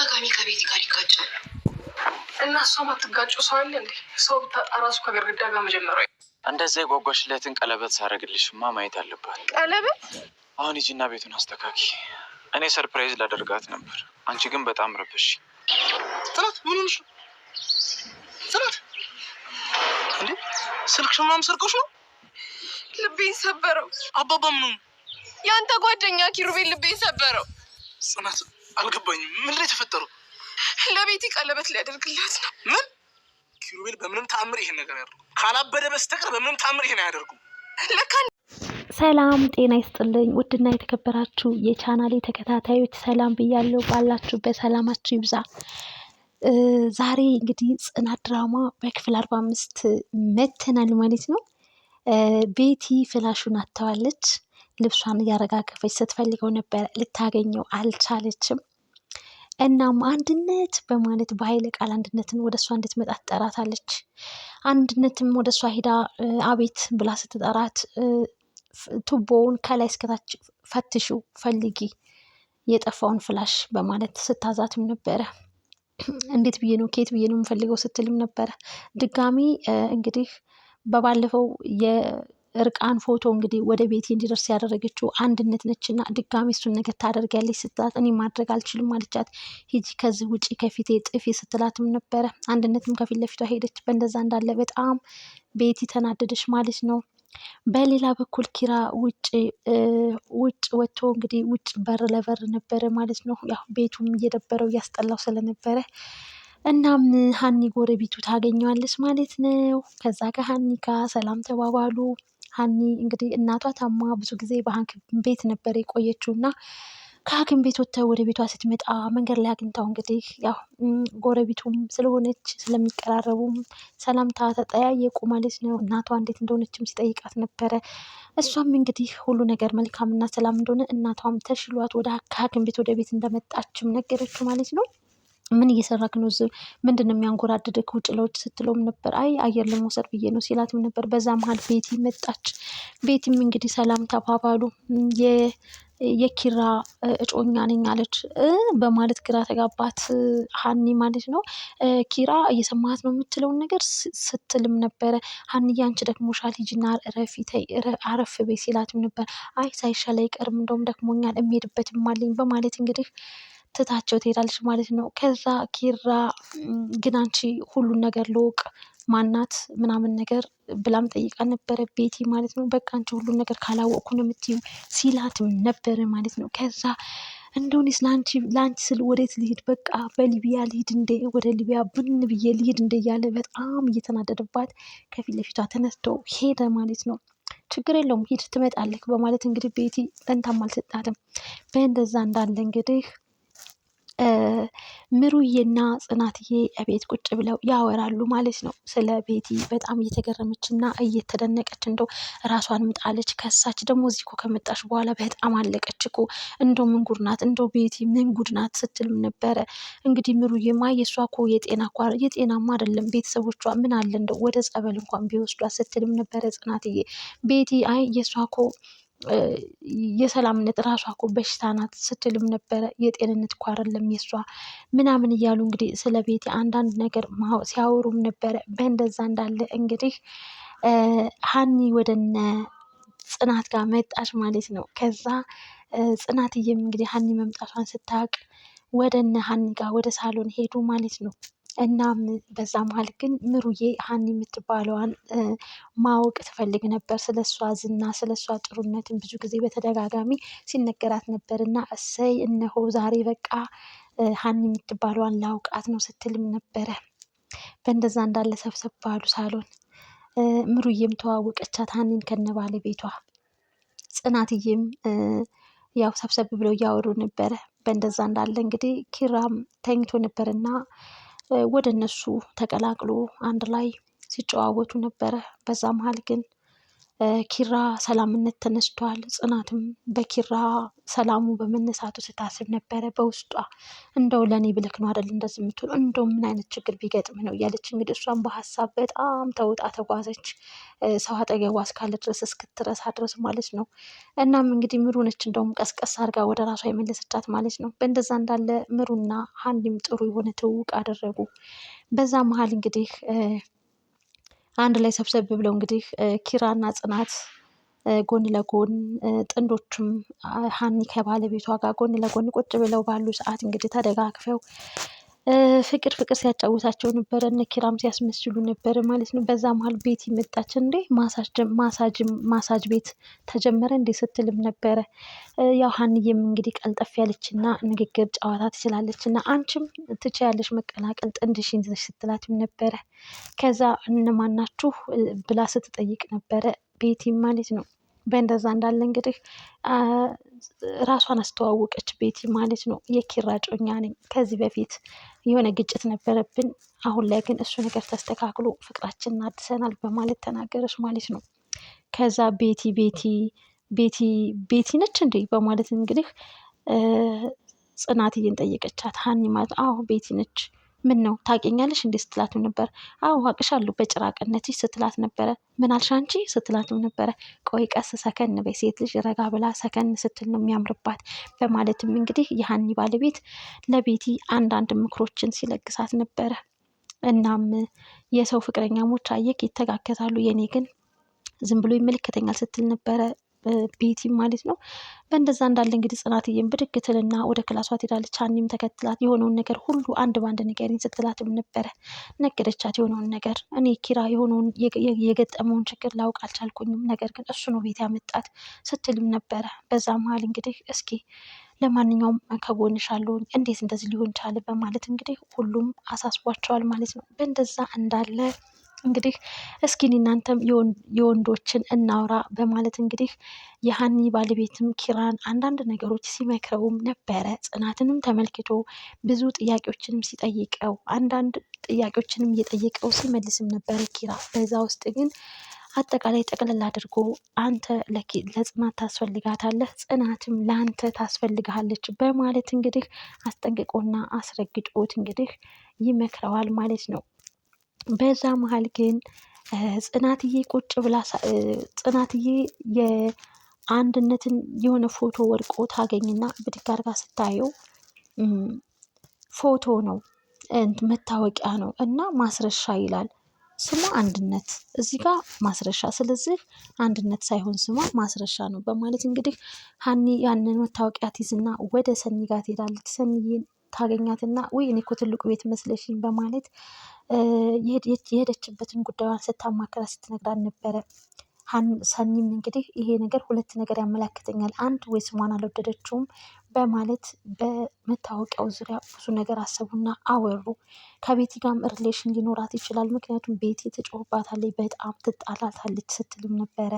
በተደጋጋሚ ከቤት ጋር ይጋጫል እና እሷ ማትጋጩ ሰው አለ እንዴ? ሰው ብታጣ ራሱ ከግርግዳ ጋር መጀመሪያ እንደዛ የጓጓሽለትን ቀለበት ሳረግልሽማ ማየት አለባት። ቀለበት አሁን ሂጂና ቤቱን አስተካኪ። እኔ ሰርፕራይዝ ላደርጋት ነበር። አንቺ ግን በጣም ረብሽ ጽናት። ምን ሆንሽ ጽናት? እንዴ ስልክሽ ምናምን ሰርቀሽ ነው? ልቤን ሰበረው። አባባ ምን ሆኑ? የአንተ ጓደኛ ኪሩቤል ልቤን ሰበረው ጽናት አልገባኝም። ምን ላይ የተፈጠረው? ለቤቲ ቀለበት ሊያደርግላት ነው። ምን ኪሩቤል፣ በምንም ተአምር ይሄን ነገር ያደርጉ ካላበደ በስተቀር በምንም ተአምር ይሄን አያደርጉ። ለካ ሰላም ጤና ይስጥልኝ። ውድና የተከበራችሁ የቻናሌ ተከታታዮች ሰላም ብያለሁ። ባላችሁበት ሰላማችሁ ይብዛ። ዛሬ እንግዲህ ጽናት ድራማ በክፍል አርባ አምስት መተናል ማለት ነው። ቤቲ ፍላሹን አጥተዋለች። ልብሷን እያረጋገፈች ስትፈልገው ነበረ፣ ልታገኘው አልቻለችም። እናም አንድነት በማለት በኃይለ ቃል አንድነትን ወደ እሷ እንድትመጣ ትጠራታለች። አንድነትም ወደ እሷ ሂዳ አቤት ብላ ስትጠራት ቱቦውን ከላይ እስከታች ፈትሹ፣ ፈልጊ የጠፋውን ፍላሽ በማለት ስታዛትም ነበረ። እንዴት ብዬ ነው ከየት ብዬ ነው የምፈልገው ስትልም ነበረ። ድጋሚ እንግዲህ በባለፈው እርቃን ፎቶ እንግዲህ ወደ ቤቴ እንዲደርስ ያደረገችው አንድነት ነችና ድጋሚ እሱን ነገር ታደርጊያለች ስትላት እኔ ማድረግ አልችልም አለቻት። ሂጂ ከዚህ ውጪ ከፊቴ ጥፊ ስትላትም ነበረ። አንድነትም ከፊት ለፊቷ ሄደች። በእንደዛ እንዳለ በጣም ቤቲ ተናደደች ማለት ነው። በሌላ በኩል ኪራ ውጭ ውጭ ወጥቶ እንግዲህ ውጭ በር ለበር ነበረ ማለት ነው። ያው ቤቱም እየደበረው እያስጠላው ስለነበረ እናም ሀኒ ጎረቤቱ ታገኘዋለች ማለት ነው። ከዛ ከሀኒ ጋር ሰላም ተባባሉ። ሀኒ እንግዲህ እናቷ ታማ ብዙ ጊዜ በሐኪም ቤት ነበር የቆየችው እና ከሐኪም ቤት ወጥታ ወደ ቤቷ ስትመጣ መንገድ ላይ አግኝታው እንግዲህ ያው ጎረቤቱም ስለሆነች ስለሚቀራረቡም ሰላምታ ተጠያየቁ ማለት ነው። እናቷ እንዴት እንደሆነችም ሲጠይቃት ነበረ። እሷም እንግዲህ ሁሉ ነገር መልካምና ሰላም እንደሆነ እናቷም ተሽሏት ወደ ከሐኪም ቤት ወደ ቤት እንደመጣችም ነገረችው ማለት ነው። ምን እየሰራክ ነው? ምንድን ነው የሚያንጎራድድክ? ውጭ ለውጭ ስትለውም ነበር። አይ አየር ለመውሰድ ብዬ ነው ሲላትም ነበር። በዛ መሀል ቤቲ መጣች። ቤቲም እንግዲህ ሰላም ተባባሉ። የኪራ እጮኛ ነኝ አለች በማለት ግራ ተጋባት ሀኒ ማለት ነው። ኪራ እየሰማሃት ነው የምትለውን ነገር ስትልም ነበረ። ሀኒ ያንቺ ደክሞሻል ሂጂና እረፊ አረፍ በይ ሲላትም ነበር። አይ ሳይሻል አይቀርም እንደውም ደክሞኛል እምሄድበትም አለኝ በማለት እንግዲህ ትታቸው ትሄዳለች ማለት ነው። ከዛ ኪራ ግን አንቺ ሁሉን ነገር ልወቅ ማናት ምናምን ነገር ብላም ጠይቃ ነበረ ቤቲ ማለት ነው። በቃ አንቺ ሁሉን ነገር ካላወቅኩ ነው የምትይው ሲላትም ነበረ ማለት ነው። ከዛ እንደውኔስ ለአንቺ ለአንቺ ስል ወዴት ልሂድ በቃ በሊቢያ ልሂድ እንደ ወደ ሊቢያ ብን ብዬ ልሂድ እንደ እያለ በጣም እየተናደደባት ከፊት ለፊቷ ተነስቶ ሄደ ማለት ነው። ችግር የለውም ሂድ ትመጣለህ በማለት እንግዲህ ቤቲ ጠንታም አልሰጣትም። በእንደዛ እንዳለ እንግዲህ ምሩዬና ጽናትዬ ቤት ቁጭ ብለው ያወራሉ ማለት ነው። ስለ ቤቲ በጣም እየተገረመችና እየተደነቀች እንደው ራሷን ምጣለች ከሳች። ደግሞ እዚህ እኮ ከመጣች በኋላ በጣም አለቀች እኮ እንደው ምንጉድ ናት እንደው ቤቲ ምንጉድ ናት ስትልም ነበረ። እንግዲህ ምሩዬማ የእሷ እኮ የጤና እኮ የጤናማ አይደለም ቤተሰቦቿ ምን አለ እንደው ወደ ጸበል እንኳን ቢወስዷ ስትልም ነበረ ጽናትዬ። ቤቲ አይ የእሷ እኮ የሰላምነት ራሷ እኮ በሽታ ናት ስትልም ነበረ። የጤንነት እኮ አይደለም የሷ ምናምን እያሉ እንግዲህ ስለ ቤት አንዳንድ ነገር ሲያወሩም ነበረ። በእንደዛ እንዳለ እንግዲህ ሀኒ ወደነ ጽናት ጋር መጣች ማለት ነው። ከዛ ጽናትዬም እንግዲህ ሀኒ መምጣቷን ስታውቅ ወደነ ሀኒ ጋር ወደ ሳሎን ሄዱ ማለት ነው። እናም በዛ መሃል ግን ምሩዬ ሀኒ የምትባለዋን ማወቅ ትፈልግ ነበር። ስለሷ ዝና፣ ስለሷ ጥሩነትን ብዙ ጊዜ በተደጋጋሚ ሲነገራት ነበር እና እሰይ እነሆ ዛሬ በቃ ሀኒ የምትባለዋን ላውቃት ነው ስትልም ነበረ። በእንደዛ እንዳለ ሰብሰብ ባሉ ሳሎን ምሩዬም ተዋወቀቻት ሀኒን ከነ ባለቤቷ። ጽናትዬም ያው ሰብሰብ ብለው እያወሩ ነበረ። በእንደዛ እንዳለ እንግዲህ ኪራም ተኝቶ ነበርና ወደ እነሱ ተቀላቅሎ አንድ ላይ ሲጨዋወቱ ነበረ። በዛ መሀል ግን ኪራ ሰላምነት ተነስቷል። ጽናትም በኪራ ሰላሙ በመነሳቱ ስታስብ ነበረ በውስጧ እንደው ለእኔ ብለክ ነው አደል እንደዚህ የምትሆነው እንደው ምን አይነት ችግር ቢገጥም ነው እያለች እንግዲህ እሷም በሀሳብ በጣም ተውጣ ተጓዘች። ሰው አጠገቧ እስካለ ድረስ እስክትረሳ ድረስ ማለት ነው። እናም እንግዲህ ምሩነች እንደውም ቀስቀስ አድርጋ ወደ ራሷ የመለሰቻት ማለት ነው። በእንደዛ እንዳለ ምሩና ሀንዲም ጥሩ የሆነ ትውውቅ አደረጉ። በዛ መሀል እንግዲህ አንድ ላይ ሰብሰብ ብለው እንግዲህ ኪራና ጽናት ጎን ለጎን ጥንዶቹም ሀኒ ከባለቤቷ ጋር ጎን ለጎን ቁጭ ብለው ባሉ ሰዓት እንግዲህ ተደጋግፈው ፍቅር ፍቅር ሲያጫውታቸው ነበረ። እነ ኪራም ሲያስመስሉ ነበረ ማለት ነው። በዛ መሀል ቤት መጣች። እንዴ ማሳጅ ቤት ተጀመረ እንዴ ስትልም ነበረ። ያው ሀንዬም እንግዲህ ቀልጠፍ ያለች እና ንግግር ጨዋታ ትችላለች እና አንቺም ትችያለሽ መቀላቀል ጥንድሽን ስትላትም ነበረ። ከዛ እነማናችሁ ብላ ስትጠይቅ ነበረ ቤቲ ማለት ነው። በእንደዛ እንዳለ እንግዲህ ራሷን አስተዋወቀች ቤቲ ማለት ነው። የኪራ ጮኛ ነኝ። ከዚህ በፊት የሆነ ግጭት ነበረብን፣ አሁን ላይ ግን እሱ ነገር ተስተካክሎ ፍቅራችንን አድሰናል በማለት ተናገረች ማለት ነው። ከዛ ቤቲ ቤቲ ቤቲ ቤቲ ነች እንዴ በማለት እንግዲህ ጽናትዬን ጠየቀቻት። ሀኒ ማለት አዎ ቤቲ ነች ምን ነው ታውቂኛለሽ እንዴ ስትላትም ነበር። አዎ አውቅሻለሁ በጭራቅነትሽ ስትላት ነበረ። ምን አልሽ አንቺ ስትላትም ነበረ። ቆይ ቀስ ሰከን በይ፣ ሴት ልጅ ረጋ ብላ ሰከን ስትል ነው የሚያምርባት በማለትም እንግዲህ የሀኒ ባለቤት ለቤቲ አንዳንድ ምክሮችን ሲለግሳት ነበረ። እናም የሰው ፍቅረኛሞች አየክ ይተጋከታሉ፣ የኔ ግን ዝም ብሎ ይመለከተኛል ስትል ነበረ ቤቲም ማለት ነው። በእንደዛ እንዳለ እንግዲህ ጽናትዬም ብድግ ትልና ወደ ክላሷ ትሄዳለች። ሀኒም ተከትላት የሆነውን ነገር ሁሉ አንድ በአንድ ንገሪኝ ስትላትም ነበረ። ነገረቻት የሆነውን ነገር። እኔ ኪራ የሆነውን የገጠመውን ችግር ላውቅ አልቻልኩኝም፣ ነገር ግን እሱ ነው ቤት ያመጣት ስትልም ነበረ። በዛ መሀል እንግዲህ እስኪ ለማንኛውም ከጎንሽ አለሁኝ፣ እንዴት እንደዚህ ሊሆን ቻለ በማለት እንግዲህ ሁሉም አሳስቧቸዋል ማለት ነው። በእንደዛ እንዳለ እንግዲህ እስኪን እናንተም የወንዶችን እናውራ በማለት እንግዲህ የሀኒ ባለቤትም ኪራን አንዳንድ ነገሮች ሲመክረውም ነበረ። ጽናትንም ተመልክቶ ብዙ ጥያቄዎችንም ሲጠይቀው አንዳንድ ጥያቄዎችንም እየጠየቀው ሲመልስም ነበረ ኪራ። በዛ ውስጥ ግን አጠቃላይ ጠቅልል አድርጎ አንተ ለጽናት ታስፈልጋታለህ፣ ጽናትም ለአንተ ታስፈልግሃለች በማለት እንግዲህ አስጠንቅቆና አስረግጦት እንግዲህ ይመክረዋል ማለት ነው። በዛ መሀል ግን ጽናትዬ ቁጭ ብላ ጽናትዬ የአንድነትን የሆነ ፎቶ ወድቆ ታገኝና ብድግ አድርጋ ስታየው ፎቶ ነው መታወቂያ ነው እና ማስረሻ ይላል ስሟ አንድነት እዚህ ጋር ማስረሻ ስለዚህ አንድነት ሳይሆን ስሟ ማስረሻ ነው በማለት እንግዲህ ሀኒ ያንን መታወቂያ ትይዝና ወደ ሰኒ ጋር ትሄዳለች ሰኒዬን ታገኛትና ውይ እኔ እኮ ትልቁ ቤት መስለሽኝ በማለት የሄደችበትን ጉዳዩን ስታማክራ ስትነግራት ነበረ። ሰኒም እንግዲህ ይሄ ነገር ሁለት ነገር ያመላክተኛል፣ አንድ ወይ ስሟን አልወደደችውም በማለት በመታወቂያው ዙሪያ ብዙ ነገር አሰቡና አወሩ። ከቤቲ ጋም ሪሌሽን ሊኖራት ይችላል፣ ምክንያቱም ቤቲ ትጮህባታለች፣ በጣም ትጣላታለች ስትልም ነበረ።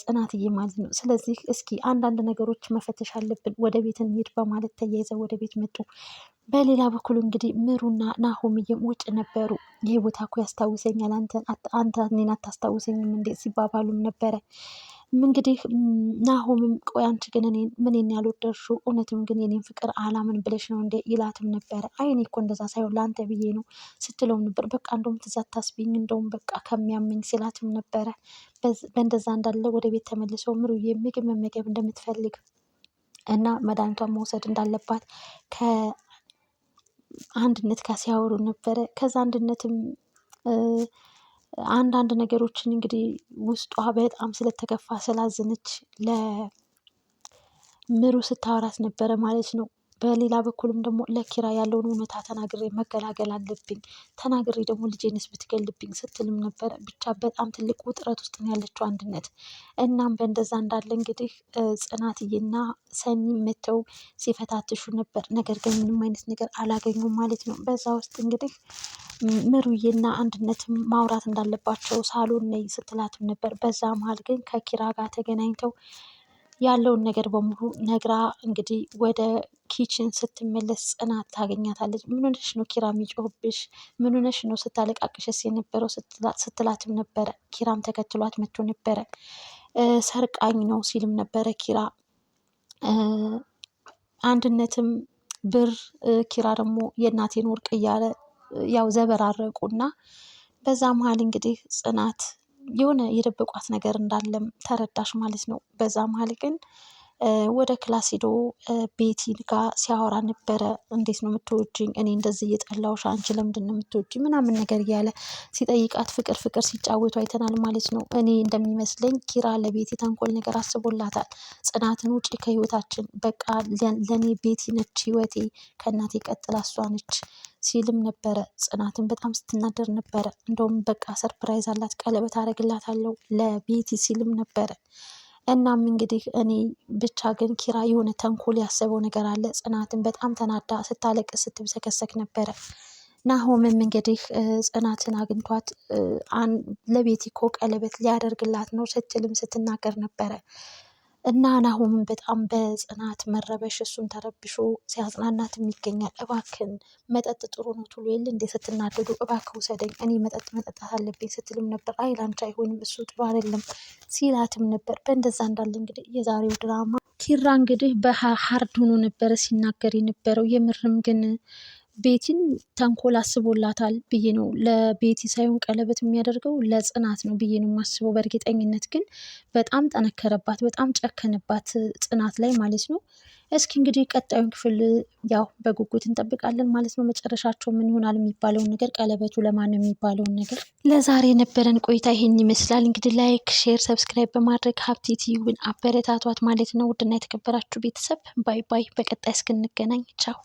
ጽናትዬ ማለት ነው። ስለዚህ እስኪ አንዳንድ ነገሮች መፈተሽ አለብን፣ ወደ ቤት እንሂድ በማለት ተያይዘው ወደ ቤት መጡ። በሌላ በኩል እንግዲህ ምሩና ናሆምዬም ውጭ ነበሩ። ይህ ቦታ እኮ ያስታውሰኛል፣ አንተ እኔን አታስታውሰኝም እንዴ ሲባባሉም ነበረ። እንግዲህ ናሆምም ቆይ አንቺ ግን ምን ኔን ያልወደድሽው እውነትም ግን የኔን ፍቅር አላምን ብለሽ ነው እንዴ ይላትም ነበረ። አይ እኔ እኮ እንደዛ ሳይሆን ለአንተ ብዬ ነው ስትለውም ነበር። በቃ እንደውም ትዝ ታስቢኝ እንደውም በቃ ከሚያመኝ ሲላትም ነበረ። በእንደዛ እንዳለ ወደ ቤት ተመልሰው ምሩዬ ምግብ መመገብ እንደምትፈልግ እና መድኃኒቷን መውሰድ እንዳለባት ከአንድነት ጋር ሲያወሩ ነበረ። ከዛ አንድነትም አንዳንድ ነገሮችን እንግዲህ ውስጧ በጣም ስለተከፋ ስላዘነች ለምሩ ስታወራት ነበረ ማለት ነው። በሌላ በኩልም ደግሞ ለኪራ ያለውን እውነታ ተናግሬ መገላገል አለብኝ፣ ተናግሬ ደግሞ ልጄንስ ብትገልብኝ ስትልም ነበረ። ብቻ በጣም ትልቅ ውጥረት ውስጥ ነው ያለችው አንድነት። እናም በእንደዛ እንዳለ እንግዲህ ጽናትዬና ሰኒ መተው ሲፈታትሹ ነበር። ነገር ግን ምንም አይነት ነገር አላገኙም ማለት ነው። በዛ ውስጥ እንግዲህ ምሩዬና አንድነትም ማውራት እንዳለባቸው ሳሎን ነይ ስትላትም ነበር። በዛ መሀል ግን ከኪራ ጋር ተገናኝተው ያለውን ነገር በሙሉ ነግራ እንግዲህ ወደ ኪችን ስትመለስ ጽናት ታገኛታለች። ምን ሆነሽ ነው ኪራ የሚጮህብሽ? ምን ሆነሽ ነው ስታለቃቅሽስ የነበረው ስትላትም ነበረ። ኪራም ተከትሏት መቶ ነበረ። ሰርቃኝ ነው ሲልም ነበረ ኪራ። አንድነትም ብር ኪራ ደግሞ የእናቴን ወርቅ እያለ ያው ዘበራረቁና በዛ መሀል እንግዲህ ጽናት የሆነ የደበቋት ነገር እንዳለም ተረዳሽ ማለት ነው። በዛ መሀል ግን ወደ ክላስ ሄዶ ቤቲን ጋር ሲያወራ ነበረ። እንዴት ነው የምትወጂኝ? እኔ እንደዚህ እየጠላሁሽ አንቺ ለምንድን ነው የምትወጂኝ? ምናምን ነገር እያለ ሲጠይቃት ፍቅር ፍቅር ሲጫወቱ አይተናል ማለት ነው። እኔ እንደሚመስለኝ ኪራ ለቤቲ ተንኮል ነገር አስቦላታል። ጽናትን ውጪ ከህይወታችን በቃ ለእኔ ቤቲ ነች ህይወቴ፣ ከእናቴ ቀጥላ እሷ ነች ሲልም ነበረ። ጽናትን በጣም ስትናደር ነበረ። እንደውም በቃ ሰርፕራይዝ አላት፣ ቀለበት አደርግላታለሁ ለቤቲ ሲልም ነበረ። እናም እንግዲህ እኔ ብቻ ግን ኪራ የሆነ ተንኮል ያሰበው ነገር አለ። ጽናትን በጣም ተናዳ ስታለቅ ስትብሰከሰክ ነበረ። ናሆምም እንግዲህ ጽናትን አግኝቷት ለቤቲ እኮ ቀለበት ሊያደርግላት ነው ስትልም ስትናገር ነበረ። እና ናሁም በጣም በጽናት መረበሽ እሱን ተረብሾ ሲያጽናናትም ይገኛል። እባክን መጠጥ ጥሩ ነው ትሎ የለ እንዴ ስትናደዱ፣ እባክህ ውሰደኝ እኔ መጠጥ መጠጣት አለብኝ ስትልም ነበር። አይ ላንቺ አይሆንም እሱ ጥሩ አይደለም ሲላትም ነበር። በእንደዛ እንዳለ እንግዲህ የዛሬው ድራማ ኪራ እንግዲህ በሀርድ ሆኖ ነበረ ሲናገር የነበረው የምርም ግን ቤቲን ተንኮል አስቦላታል ብዬ ነው ለቤቲ ሳይሆን ቀለበት የሚያደርገው ለጽናት ነው ብዬ ነው የማስበው። በእርግጠኝነት ግን በጣም ጠነከረባት፣ በጣም ጨከንባት ጽናት ላይ ማለት ነው። እስኪ እንግዲህ ቀጣዩን ክፍል ያው በጉጉት እንጠብቃለን ማለት ነው። መጨረሻቸው ምን ይሆናል የሚባለውን ነገር ቀለበቱ ለማን ነው የሚባለውን ነገር። ለዛሬ የነበረን ቆይታ ይህን ይመስላል። እንግዲህ ላይክ፣ ሼር፣ ሰብስክራይብ በማድረግ ሀብቲ ቲዩብን አበረታቷት ማለት ነው። ውድና የተከበራችሁ ቤተሰብ ባይ ባይ። በቀጣይ እስክንገናኝ ቻው።